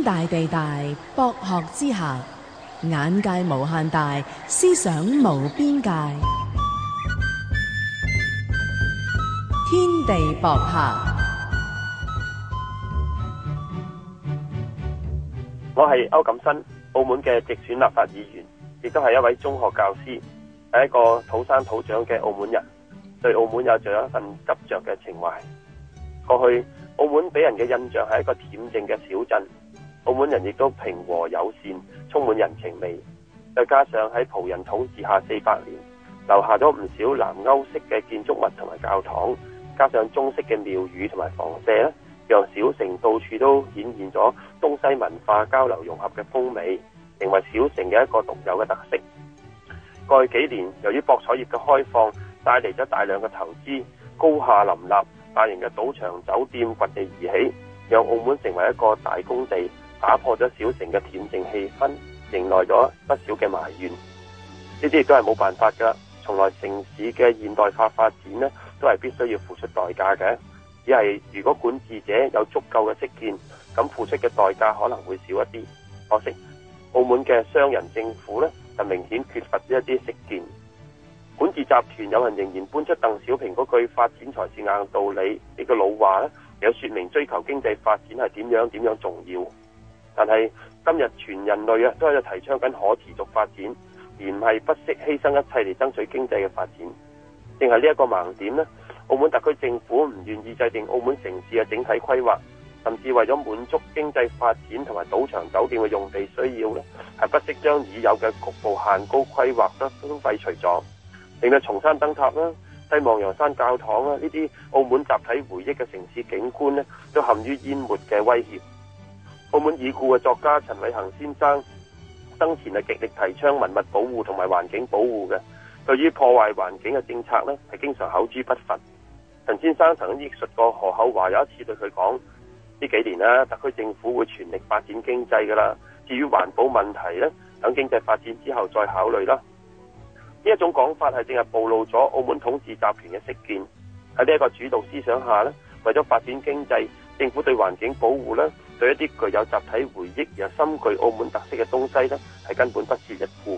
天大地大，博學之下，眼界無限大，思想無邊界。天地博客，我係區錦新，澳門嘅直選立法議員，亦都係一位中學教師，係一個土生土長嘅澳門人，對澳門有着一份執着嘅情懷。過去澳門俾人嘅印象係一個恬靜嘅小鎮。澳門人亦都平和友善，充滿人情味。再加上喺葡人統治下四百年，留下咗唔少南歐式嘅建築物同埋教堂，加上中式嘅廟宇同埋房舍咧，讓小城到處都顯現咗東西文化交流融合嘅風味，成為小城嘅一個獨有嘅特色。過去幾年，由於博彩業嘅開放，帶嚟咗大量嘅投資，高廈林立，大型嘅賭場、酒店拔地而起，讓澳門成為一個大工地。打破咗小城嘅恬靜氣氛，迎來咗不少嘅埋怨。呢啲亦都係冇辦法噶，從來城市嘅現代化發展呢，都係必須要付出代價嘅。只係如果管治者有足夠嘅識見，咁付出嘅代價可能會少一啲。可惜澳門嘅商人政府呢，就明顯缺乏一啲識見。管治集團有人仍然搬出鄧小平嗰句“發展才是硬道理”呢個老話呢，有說明追求經濟發展係點樣點樣重要。但係今日全人類啊，都喺度提倡緊可持續發展，而唔係不惜犧牲一切嚟爭取經濟嘅發展。正係呢一個盲點咧，澳門特區政府唔願意制定澳門城市嘅整體規劃，甚至為咗滿足經濟發展同埋賭場酒店嘅用地需要咧，係不惜將已有嘅局部限高規劃都廢除咗，令到松山燈塔啦、西望洋山教堂啦呢啲澳門集體回憶嘅城市景觀咧都陷於淹沒嘅威脅。澳門已故嘅作家陳偉恆先生生前係極力提倡文物保護同埋環境保護嘅，對於破壞環境嘅政策呢係經常口誅筆伐。陳先生曾經憶述過何厚鏵有一次對佢講：呢幾年啦、啊，特區政府會全力發展經濟噶啦，至於環保問題咧，等經濟發展之後再考慮啦。呢一種講法係正係暴露咗澳門統治集團嘅識見。喺呢一個主導思想下咧，為咗發展經濟，政府對環境保護咧。對一啲具有集體回憶又深具澳門特色嘅東西咧，係根本不屑一顧。